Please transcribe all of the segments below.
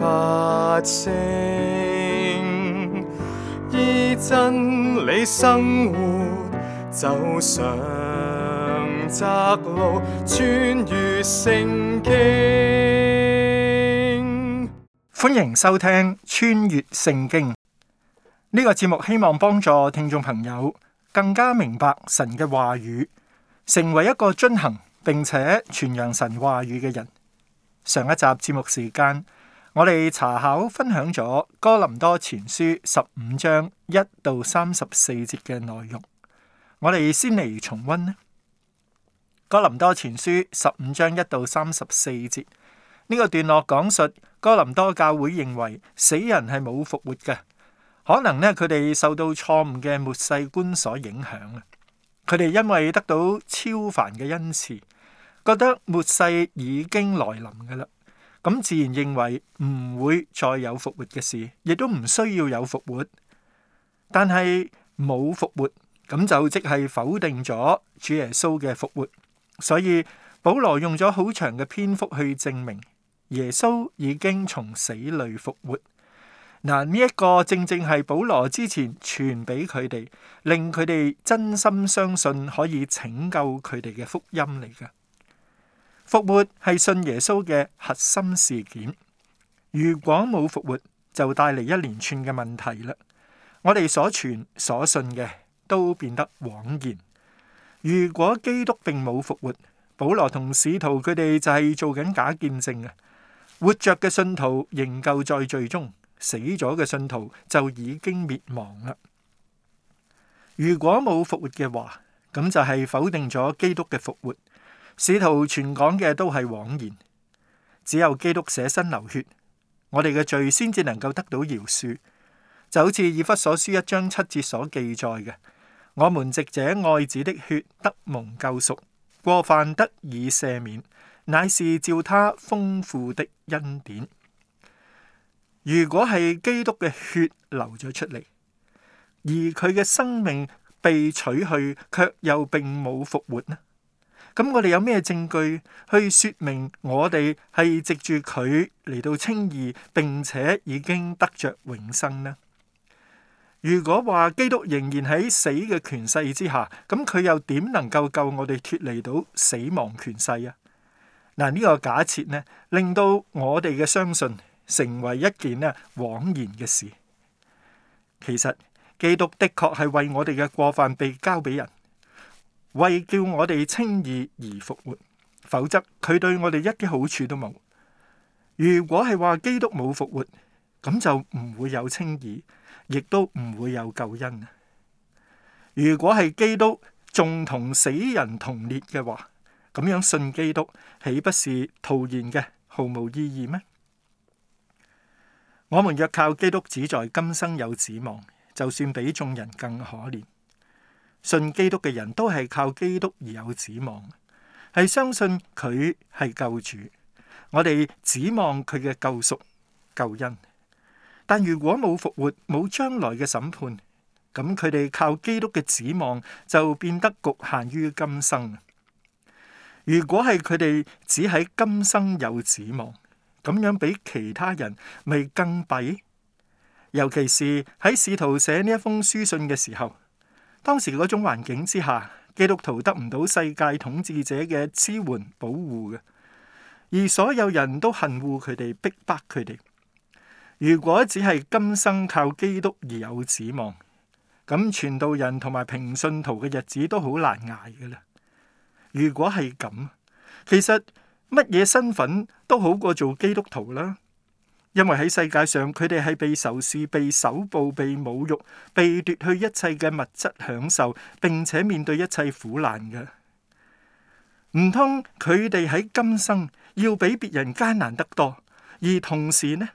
發聲依真理生活，走上窄路，穿越聖經。歡迎收聽《穿越聖經》呢個節目，希望幫助聽眾朋友更加明白神嘅話語，成為一個遵行並且傳揚神話語嘅人。上一集節目時間。我哋查考分享咗哥林多前書十五章一到三十四節嘅內容，我哋先嚟重溫呢。哥林多前書十五章一到三十四節呢個段落講述哥林多教會認為死人係冇復活嘅，可能呢，佢哋受到錯誤嘅末世觀所影響啊！佢哋因為得到超凡嘅恩賜，覺得末世已經來臨㗎喇。咁自然認為唔會再有復活嘅事，亦都唔需要有復活。但係冇復活，咁就即係否定咗主耶穌嘅復活。所以保羅用咗好長嘅篇幅去證明耶穌已經從死裏復活。嗱，呢一個正正係保羅之前傳俾佢哋，令佢哋真心相信可以拯救佢哋嘅福音嚟㗎。復活係信耶穌嘅核心事件。如果冇復活，就帶嚟一連串嘅問題啦。我哋所傳所信嘅都變得枉然。如果基督並冇復活，保羅同使徒佢哋就係做緊假見證啊！活着嘅信徒仍舊在最終，死咗嘅信徒就已經滅亡啦。如果冇復活嘅話，咁就係否定咗基督嘅復活。使徒全講嘅都係謊言，只有基督捨身流血，我哋嘅罪先至能夠得到饒恕。就好似以弗所書一章七節所記載嘅：我們藉這愛子的血得蒙救贖，過犯得以赦免，乃是照他豐富的恩典。如果係基督嘅血流咗出嚟，而佢嘅生命被取去，卻又並冇復活呢？咁我哋有咩證據去説明我哋係藉住佢嚟到稱義，並且已經得着永生呢？如果話基督仍然喺死嘅權勢之下，咁佢又點能夠救我哋脫離到死亡權勢啊？嗱，呢個假設呢，令到我哋嘅相信成為一件呢枉然嘅事。其實基督的確係為我哋嘅過犯被交俾人。為叫我哋稱義而復活，否則佢對我哋一啲好處都冇。如果係話基督冇復活，咁就唔會有稱義，亦都唔會有救恩。如果係基督仲同死人同列嘅話，咁樣信基督豈不是徒然嘅，毫無意義咩？我們若靠基督只在今生有指望，就算比眾人更可憐。信基督嘅人都係靠基督而有指望，係相信佢係救主，我哋指望佢嘅救贖、救恩。但如果冇復活、冇將來嘅審判，咁佢哋靠基督嘅指望就變得局限於今生。如果係佢哋只喺今生有指望，咁樣比其他人咪更弊？尤其是喺試圖寫呢一封書信嘅時候。當時嗰種環境之下，基督徒得唔到世界統治者嘅支援保護嘅，而所有人都恨惡佢哋、逼迫佢哋。如果只係今生靠基督而有指望，咁傳道人同埋平信徒嘅日子都好難捱嘅啦。如果係咁，其實乜嘢身份都好過做基督徒啦。因為喺世界上，佢哋係被仇視、被搜捕、被侮辱、被奪去一切嘅物質享受，並且面對一切苦難嘅。唔通佢哋喺今生要比別人艱難得多，而同時呢，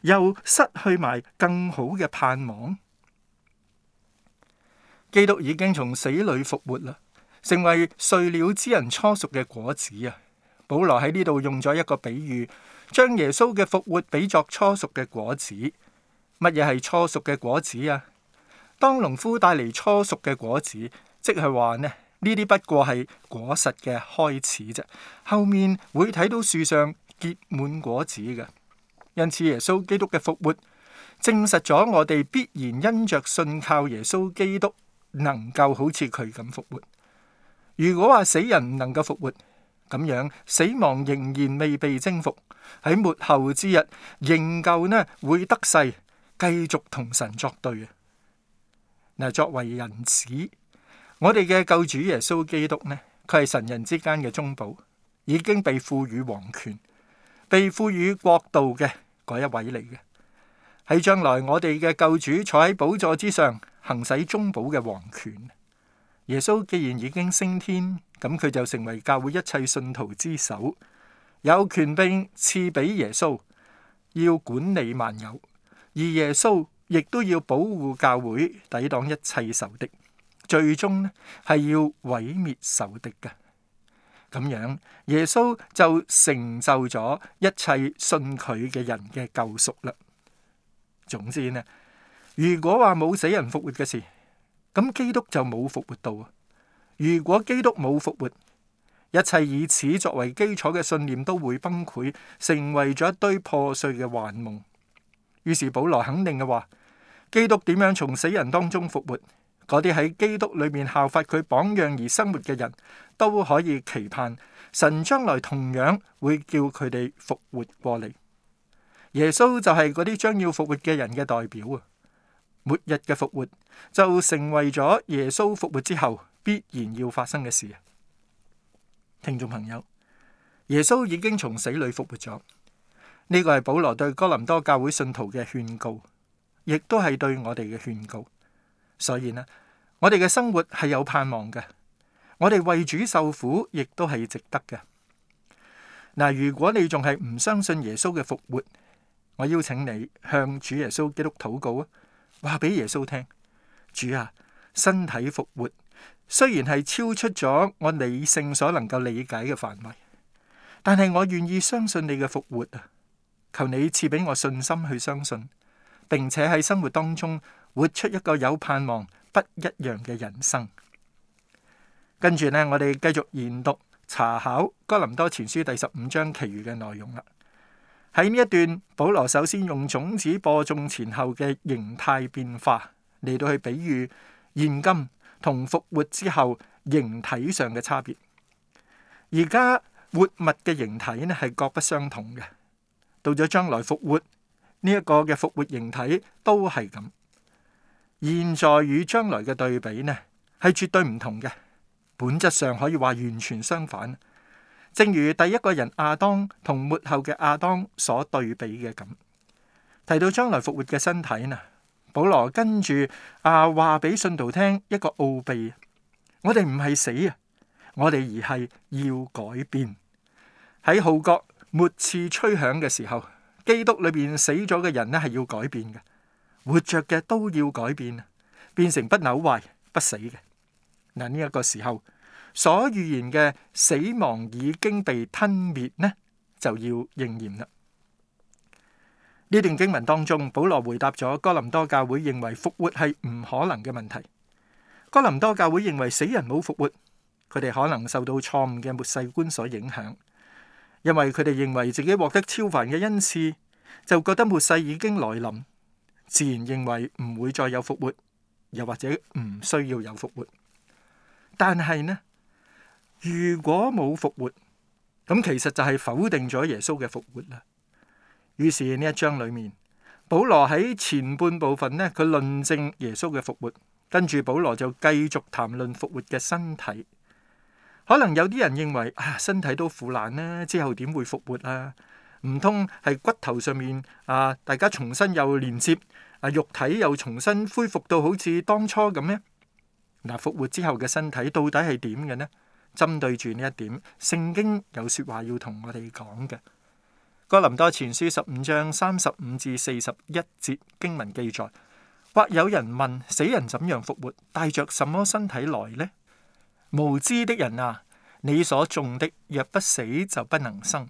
又失去埋更好嘅盼望？基督已經從死裏復活啦，成為睡了之人初熟嘅果子啊！保羅喺呢度用咗一個比喻。將耶穌嘅復活比作初熟嘅果子，乜嘢係初熟嘅果子啊？當農夫帶嚟初熟嘅果子，即係話呢？呢啲不過係果實嘅開始啫，後面會睇到樹上結滿果子嘅。因此耶穌基督嘅復活，證實咗我哋必然因着信靠耶穌基督，能夠好似佢咁復活。如果話死人唔能夠復活，咁樣，死亡仍然未被征服，喺末後之日仍舊呢會得勢，繼續同神作對嘅。嗱，作為人子，我哋嘅救主耶穌基督呢，佢係神人之間嘅中保，已經被賦予皇權，被賦予國度嘅嗰一位嚟嘅。喺將來，我哋嘅救主坐喺寶座之上，行使中保嘅皇權。耶穌既然已經升天，咁佢就成為教會一切信徒之首，有權柄賜俾耶穌，要管理萬有，而耶穌亦都要保護教會，抵擋一切仇敵，最終呢係要毀滅仇敵嘅。咁樣耶穌就成就咗一切信佢嘅人嘅救贖啦。總之呢，如果話冇死人復活嘅事。咁基督就冇復活到啊！如果基督冇復活，一切以此作為基礎嘅信念都會崩潰，成為咗一堆破碎嘅幻夢。於是保羅肯定嘅話：基督點樣從死人當中復活，嗰啲喺基督裏面效法佢榜樣而生活嘅人都可以期盼，神將來同樣會叫佢哋復活過嚟。耶穌就係嗰啲將要復活嘅人嘅代表啊！末日嘅復活就成為咗耶穌復活之後必然要發生嘅事。聽眾朋友，耶穌已經從死裏復活咗，呢個係保羅對哥林多教會信徒嘅勸告，亦都係對我哋嘅勸告。所以呢，我哋嘅生活係有盼望嘅，我哋為主受苦亦都係值得嘅。嗱，如果你仲係唔相信耶穌嘅復活，我邀請你向主耶穌基督禱告啊！話俾耶穌聽，主啊，身體復活雖然係超出咗我理性所能夠理解嘅範圍，但係我願意相信你嘅復活啊！求你賜俾我信心去相信，並且喺生活當中活出一個有盼望、不一樣嘅人生。跟住呢，我哋繼續研讀查考《哥林多前書》第十五章其餘嘅內容啦。喺呢一段，保羅首先用種子播種前後嘅形態變化嚟到去比喻現今同復活之後形體上嘅差別。而家活物嘅形體呢係各不相同嘅，到咗將來復活呢一個嘅復活形體都係咁。現在與將來嘅對比呢係絕對唔同嘅，本質上可以話完全相反。正如第一個人阿當同末後嘅阿當所對比嘅咁，提到將來復活嘅身體呢，保羅跟住啊，話俾信徒聽一個奧秘：我哋唔係死啊，我哋而係要改變。喺號角末次吹響嘅時候，基督裏邊死咗嘅人呢係要改變嘅，活着嘅都要改變，變成不朽壞、不死嘅。嗱，呢一個時候，所預言嘅死亡已經被吞滅呢，就要應驗啦。呢段經文當中，保羅回答咗哥林多教會認為復活係唔可能嘅問題。哥林多教會認為死人冇復活，佢哋可能受到錯誤嘅末世觀所影響，因為佢哋認為自己獲得超凡嘅恩賜，就覺得末世已經來臨，自然認為唔會再有復活，又或者唔需要有復活。但係呢？如果冇復活，咁其實就係否定咗耶穌嘅復活啦。於是呢一章裏面，保羅喺前半部分呢，佢論證耶穌嘅復活，跟住保羅就繼續談論復活嘅身體。可能有啲人認為啊，身體都腐爛咧，之後點會復活啊？唔通係骨頭上面啊，大家重新又連接啊，肉體又重新恢復到好似當初咁咩？嗱，啊，復活之後嘅身體到底係點嘅呢？針對住呢一點，聖經有說話要同我哋講嘅。哥林多前書十五章三十五至四十一節經文記載：或有人問，死人怎樣復活，帶着什麼身體來呢？無知的人啊，你所種的若不死，就不能生，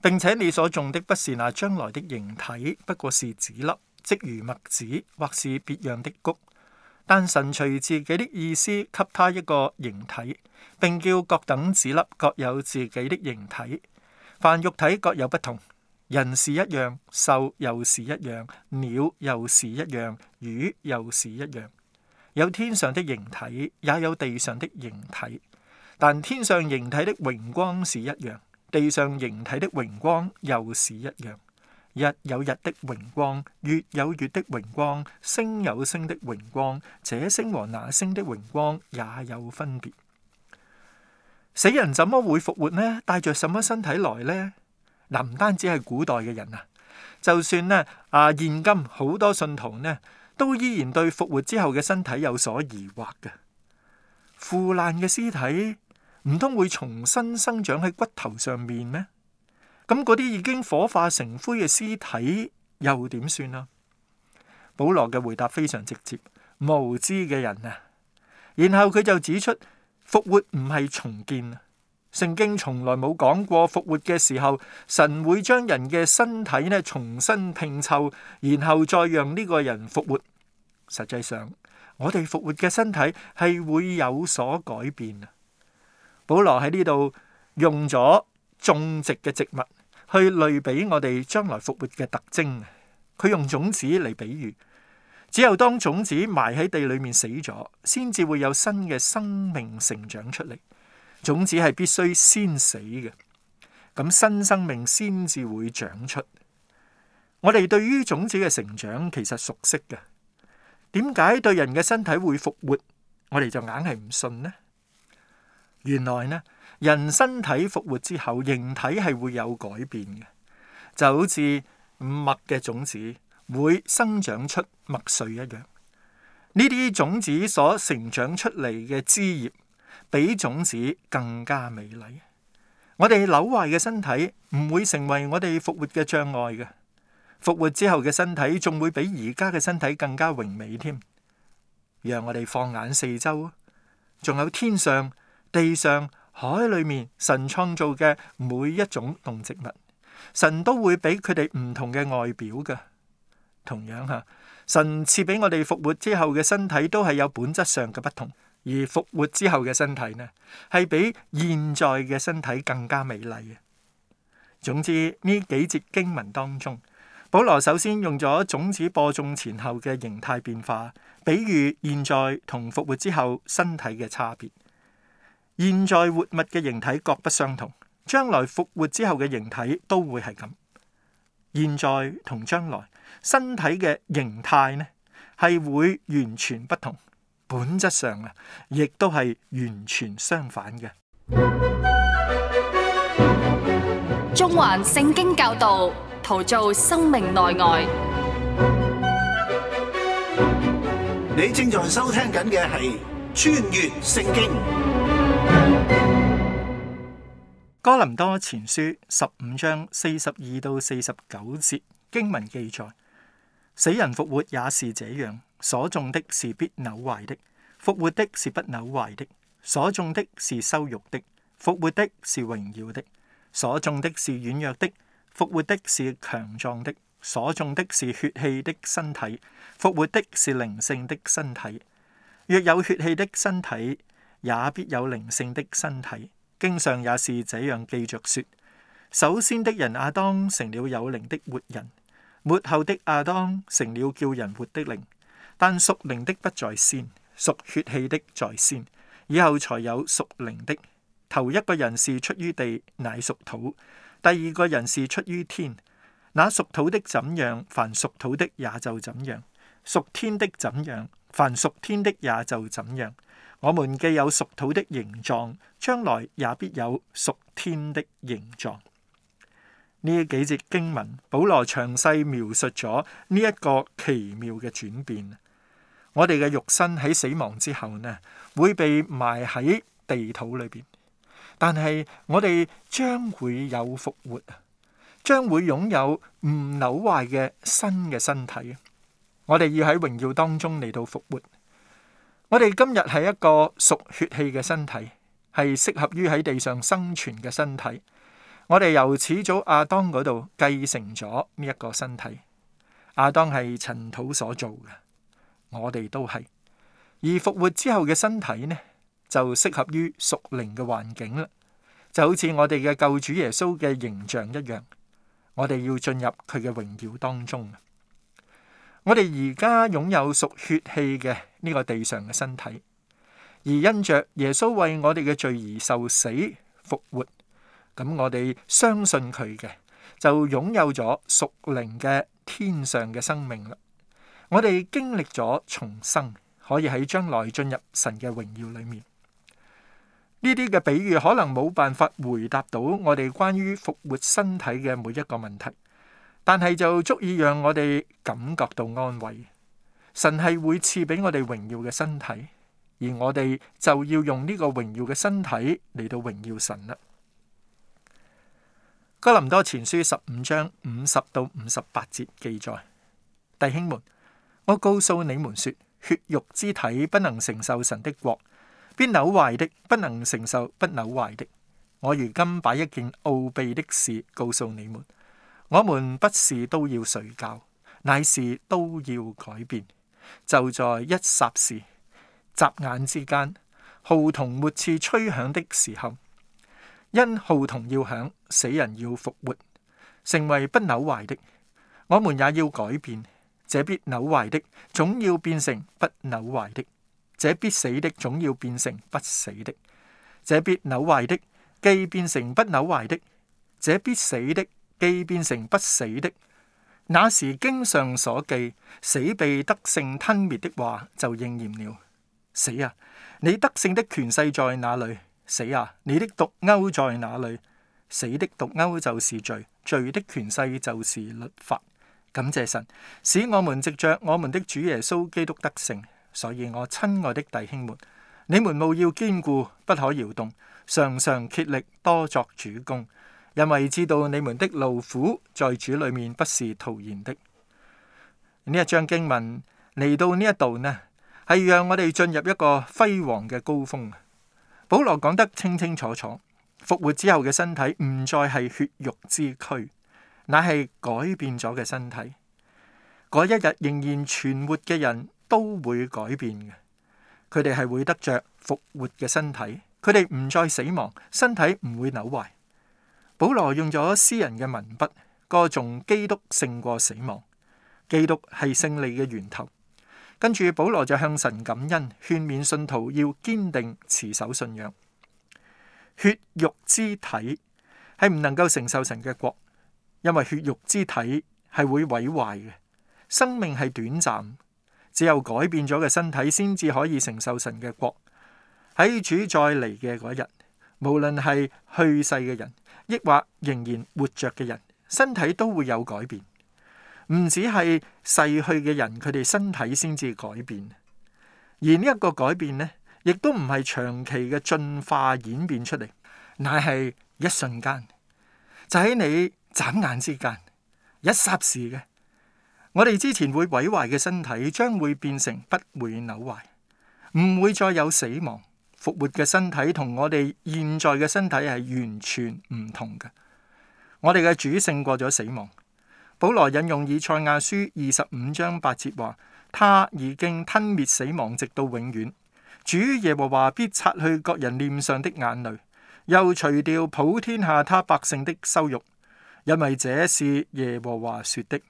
並且你所種的不是那將來的形體，不過是籽粒，即如麥子，或是別樣的穀。但神隨自己的意思給他一個形體，並叫各等子粒各有自己的形體。凡肉體各有不同，人是一樣，獸又是一樣，鳥又是一樣，魚又是一樣。有天上的形體，也有地上的形體。但天上形體的榮光是一樣，地上形體的榮光又是一樣。日有日的榮光，月有月的榮光，星有星的榮光。這星和那星的榮光也有分別。死人怎麼會復活呢？帶着什麼身體來呢？嗱、啊，唔單止係古代嘅人啊，就算呢，啊，現今好多信徒呢，都依然對復活之後嘅身體有所疑惑嘅。腐爛嘅屍體唔通會重新生長喺骨頭上面咩？咁嗰啲已經火化成灰嘅屍體又點算啊？保羅嘅回答非常直接，無知嘅人啊！然後佢就指出復活唔係重建啊，聖經從來冇講過復活嘅時候神會將人嘅身體呢，重新拼湊，然後再讓呢個人復活。實際上我哋復活嘅身體係會有所改變啊！保羅喺呢度用咗種植嘅植物。去類比我哋將來復活嘅特徵，佢用種子嚟比喻，只有當種子埋喺地裏面死咗，先至會有新嘅生命成長出嚟。種子係必須先死嘅，咁新生命先至會長出。我哋對於種子嘅成長其實熟悉嘅，點解對人嘅身體會復活，我哋就硬係唔信呢？原來呢？人身體復活之後，形體係會有改變嘅，就好似麥嘅種子會生長出麥穗一樣。呢啲種子所成長出嚟嘅枝葉，比種子更加美麗。我哋朽壞嘅身體唔會成為我哋復活嘅障礙嘅，復活之後嘅身體仲會比而家嘅身體更加榮美添。讓我哋放眼四周，仲有天上、地上。海裏面神創造嘅每一種動植物，神都會俾佢哋唔同嘅外表㗎。同樣吓，神賜俾我哋復活之後嘅身體都係有本質上嘅不同。而復活之後嘅身體呢，係比現在嘅身體更加美麗嘅。總之呢幾節經文當中，保羅首先用咗種子播種前後嘅形態變化，比喻現在同復活之後身體嘅差別。現在活物嘅形體各不相同，將來復活之後嘅形體都會係咁。現在同將來身體嘅形態呢，係會完全不同，本質上啊，亦都係完全相反嘅。中環聖經教導，陶造生命內外。你正在收聽緊嘅係穿越聖經。哥林多前書十五章四十二到四十九節經文記載：死人復活也是這樣，所種的是必朽壞的，復活的是不朽壞的；所種的是羞辱的，復活的是榮耀的；所種的是軟弱的，復活的是強壯的；所種的是血氣的身體，復活的是靈性的身體。若有血氣的身體，也必有靈性的身體。經上也是這樣記着說：首先的人亞當成了有靈的活人，末後的亞當成了叫人活的靈。但屬靈的不在先，屬血氣的在先，以後才有屬靈的。頭一個人是出於地，乃屬土；第二個人是出於天，那屬土的怎樣，凡屬土的也就怎樣；屬天的怎樣，凡屬天的也就怎樣。我們既有屬土的形狀，將來也必有屬天的形狀。呢幾節經文，保羅詳細描述咗呢一個奇妙嘅轉變。我哋嘅肉身喺死亡之後呢，會被埋喺地土裏邊，但係我哋將會有復活啊，將會擁有唔朽壞嘅新嘅身體。我哋要喺榮耀當中嚟到復活。我哋今日係一個屬血氣嘅身體，係適合於喺地上生存嘅身體。我哋由始祖亞當嗰度繼承咗呢一個身體。亞當係塵土所做嘅，我哋都係。而復活之後嘅身體呢，就適合於屬靈嘅環境啦。就好似我哋嘅救主耶穌嘅形象一樣，我哋要進入佢嘅榮耀當中。我哋而家擁有屬血氣嘅呢個地上嘅身體，而因着耶穌為我哋嘅罪而受死復活，咁我哋相信佢嘅，就擁有咗屬靈嘅天上嘅生命啦。我哋經歷咗重生，可以喺將來進入神嘅榮耀裏面。呢啲嘅比喻可能冇辦法回答到我哋關於復活身體嘅每一個問題。但係就足以讓我哋感覺到安慰。神係會賜俾我哋榮耀嘅身體，而我哋就要用呢個榮耀嘅身體嚟到榮耀神啦。哥林多前書十五章五十到五十八節記載：弟兄們，我告訴你們說，血肉之體不能承受神的國，必朽壞的不能承受，不朽壞的。我如今把一件奧秘的事告訴你們。我們不是都要睡覺，乃是都要改變。就在一霎時、眨眼之間，號筒末次吹響的時候，因號筒要響，死人要復活，成為不朽壞的。我們也要改變，這必朽壞的總要變成不朽壞的；這必死的總要變成不死的；這必朽壞的既變成不朽壞的，這必死的。既變成不死的，那時經上所記，死被得勝吞滅的話就應驗了。死啊，你得勝的權勢在哪裏？死啊，你的毒鈎在哪裏？死的毒鈎就是罪，罪的權勢就是律法。感謝神，使我們藉着我們的主耶穌基督得勝。所以我親愛的弟兄們，你們務要堅固，不可搖動，常常竭力多作主工。」因為知道你們的勞苦在主裏面不是徒然的，呢一章經文嚟到呢一度呢，係讓我哋進入一個輝煌嘅高峰。保羅講得清清楚楚，復活之後嘅身體唔再係血肉之軀，乃係改變咗嘅身體。嗰一日仍然存活嘅人都會改變嘅，佢哋係會得着復活嘅身體，佢哋唔再死亡，身體唔會扭壞。保羅用咗私人嘅文筆，歌頌基督勝過死亡。基督係勝利嘅源頭。跟住保羅就向神感恩，勸勉信徒要堅定持守信仰。血肉之體係唔能夠承受神嘅國，因為血肉之體係會毀壞嘅。生命係短暫，只有改變咗嘅身體先至可以承受神嘅國。喺主再嚟嘅嗰日，無論係去世嘅人，抑或仍然活着嘅人，身體都會有改變。唔止係逝去嘅人，佢哋身體先至改變。而呢一個改變呢，亦都唔係長期嘅進化演變出嚟，乃係一瞬間，就喺你眨眼之間，一霎時嘅。我哋之前會毀壞嘅身體，將會變成不會朽壞，唔會再有死亡。復活嘅身體同我哋現在嘅身體係完全唔同嘅。我哋嘅主勝過咗死亡。保羅引用以賽亞書二十五章八節話：「他已經吞滅死亡，直到永遠。主耶和華必擦去各人臉上的眼淚，又除掉普天下他百姓的羞辱」，因為這是耶和華說的。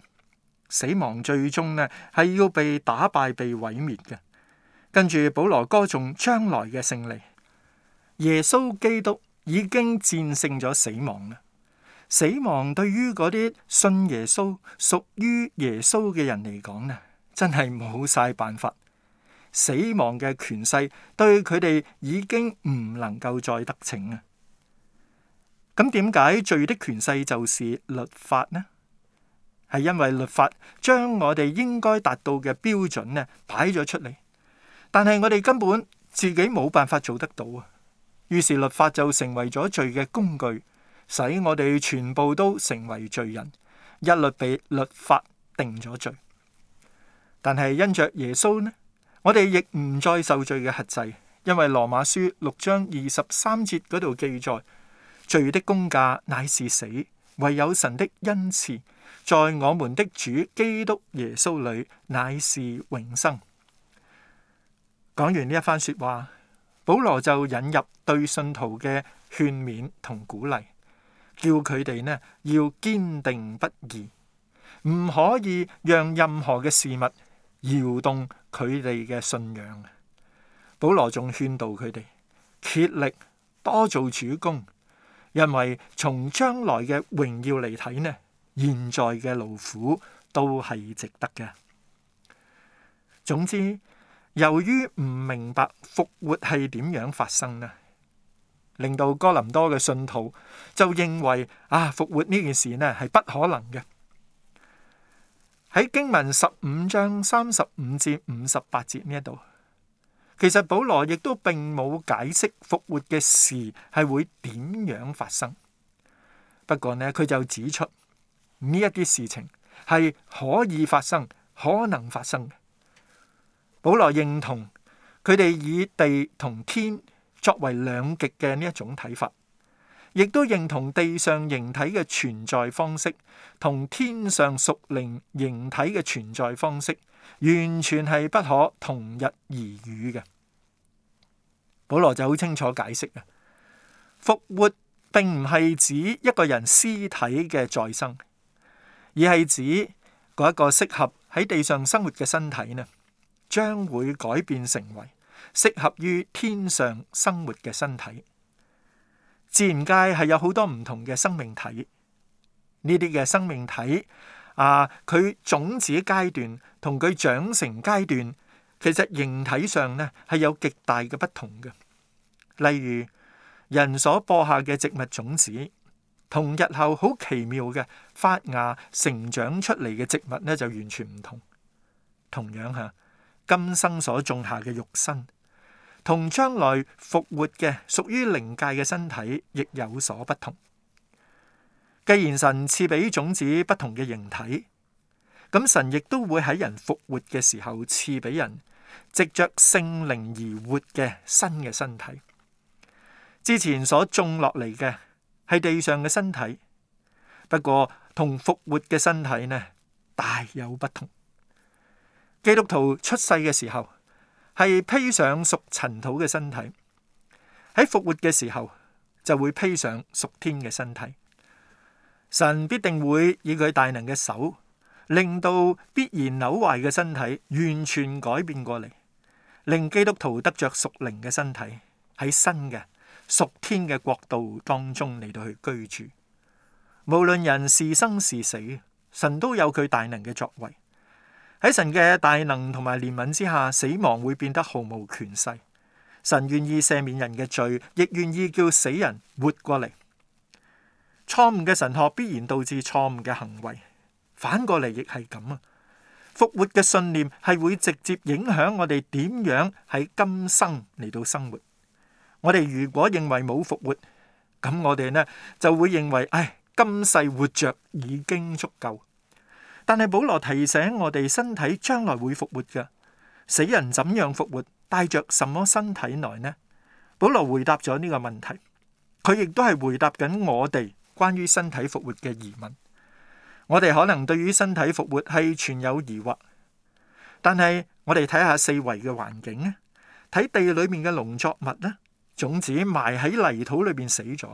死亡最終呢係要被打敗、被毀滅嘅。跟住保羅歌頌將來嘅勝利，耶穌基督已經戰勝咗死亡啦！死亡對於嗰啲信耶穌、屬於耶穌嘅人嚟講咧，真係冇晒辦法。死亡嘅權勢對佢哋已經唔能夠再得逞啊！咁點解罪的權勢就是律法呢？係因為律法將我哋應該達到嘅標準咧擺咗出嚟。但係我哋根本自己冇辦法做得到啊！於是律法就成為咗罪嘅工具，使我哋全部都成為罪人，一律被律法定咗罪。但係因着耶穌呢，我哋亦唔再受罪嘅轄制，因為羅馬書六章二十三節嗰度記載：罪的工價乃是死，唯有神的恩賜，在我們的主基督耶穌裏，乃是永生。講完呢一番說話，保羅就引入對信徒嘅勸勉同鼓勵，叫佢哋呢要堅定不移，唔可以讓任何嘅事物搖動佢哋嘅信仰。保羅仲勸導佢哋竭力多做主工，因為從將來嘅榮耀嚟睇呢，現在嘅勞苦都係值得嘅。總之。由於唔明白復活係點樣發生呢，令到哥林多嘅信徒就認為啊復活呢件事呢係不可能嘅。喺經文十五章三十五至五十八節呢一度，其實保羅亦都並冇解釋復活嘅事係會點樣發生。不過呢，佢就指出呢一啲事情係可以發生，可能發生嘅。保羅認同佢哋以地同天作為兩極嘅呢一種睇法，亦都認同地上形體嘅存在方式同天上屬靈形體嘅存在方式完全係不可同日而語嘅。保羅就好清楚解釋嘅復活，並唔係指一個人屍體嘅再生，而係指嗰一個適合喺地上生活嘅身體呢，將會改變成為適合於天上生活嘅身體。自然界係有好多唔同嘅生命體，呢啲嘅生命體啊，佢種子階段同佢長成階段其實形體上呢係有極大嘅不同嘅。例如人所播下嘅植物種子，同日後好奇妙嘅發芽成長出嚟嘅植物呢，就完全唔同。同樣吓。今生所種下嘅肉身，同將來復活嘅屬於靈界嘅身體亦有所不同。既然神賜俾種子不同嘅形體，咁神亦都會喺人復活嘅時候賜俾人，藉着聖靈而活嘅新嘅身體。之前所種落嚟嘅係地上嘅身體，不過同復活嘅身體呢大有不同。基督徒出世嘅時候係披上屬塵土嘅身體，喺復活嘅時候就會披上屬天嘅身體。神必定會以佢大能嘅手，令到必然朽壞嘅身體完全改變過嚟，令基督徒得着屬靈嘅身體，喺新嘅屬天嘅國度當中嚟到去居住。無論人是生是死，神都有佢大能嘅作為。喺神嘅大能同埋憐憫之下，死亡會變得毫無權勢。神願意赦免人嘅罪，亦願意叫死人活過嚟。錯誤嘅神學必然導致錯誤嘅行為，反過嚟亦係咁啊！復活嘅信念係會直接影響我哋點樣喺今生嚟到生活。我哋如果認為冇復活，咁我哋呢就會認為，唉，今世活着已經足夠。但係保羅提醒我哋，身體將來會復活嘅，死人怎樣復活，帶着什麼身體來呢？保羅回答咗呢個問題，佢亦都係回答緊我哋關於身體復活嘅疑問。我哋可能對於身體復活係存有疑惑，但係我哋睇下四圍嘅環境咧，睇地裏面嘅農作物呢，種子埋喺泥土裏邊死咗，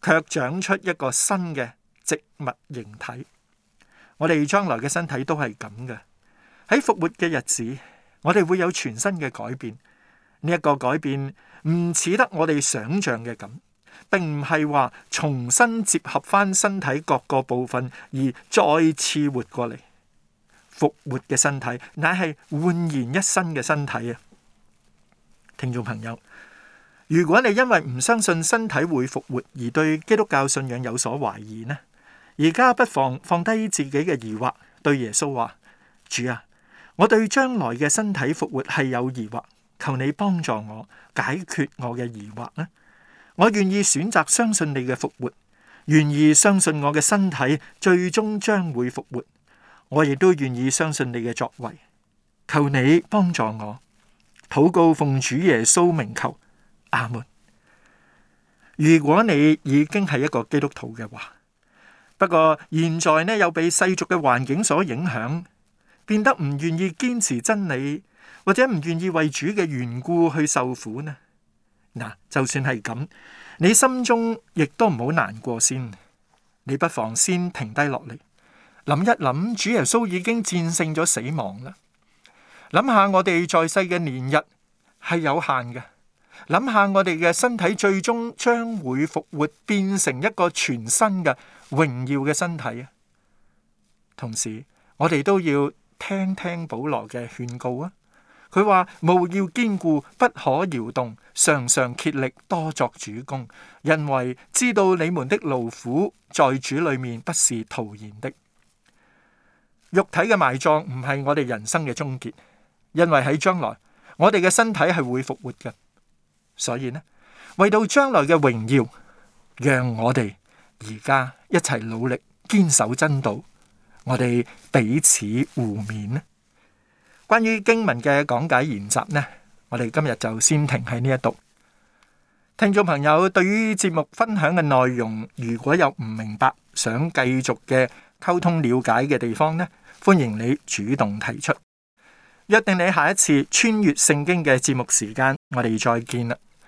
卻長出一個新嘅植物形體。我哋將來嘅身體都係咁嘅，喺復活嘅日子，我哋會有全新嘅改變。呢、這、一個改變唔似得我哋想象嘅咁，並唔係話重新接合翻身體各個部分而再次活過嚟，復活嘅身體乃係煥然一新嘅身體啊！聽眾朋友，如果你因為唔相信身體會復活而對基督教信仰有所懷疑呢，而家不妨放低自己嘅疑惑，對耶穌話：主啊，我對將來嘅身體復活係有疑惑，求你幫助我解決我嘅疑惑咧。我願意選擇相信你嘅復活，願意相信我嘅身體最終將會復活。我亦都願意相信你嘅作為，求你幫助我。禱告奉主耶穌名求，阿門。如果你已經係一個基督徒嘅話，不過現在呢，又被世俗嘅環境所影響，變得唔願意堅持真理，或者唔願意為主嘅緣故去受苦呢？嗱，就算係咁，你心中亦都唔好難過先。你不妨先停低落嚟，諗一諗，主耶穌已經戰勝咗死亡啦。諗下我哋在世嘅年日係有限嘅。諗下，我哋嘅身體最終將會復活，變成一個全新嘅榮耀嘅身體啊。同時，我哋都要聽聽保羅嘅勸告啊。佢話，務要堅固，不可搖動，常常竭力多作主工，因為知道你們的勞苦在主裏面不是徒然的。肉體嘅埋葬唔係我哋人生嘅終結，因為喺將來我哋嘅身體係會復活嘅。所以呢，為到將來嘅榮耀，讓我哋而家一齊努力，堅守真道，我哋彼此互勉呢。關於經文嘅講解研習呢，我哋今日就先停喺呢一度。聽眾朋友，對於節目分享嘅內容，如果有唔明白，想繼續嘅溝通了解嘅地方呢，歡迎你主動提出。約定你下一次穿越聖經嘅節目時間，我哋再見啦。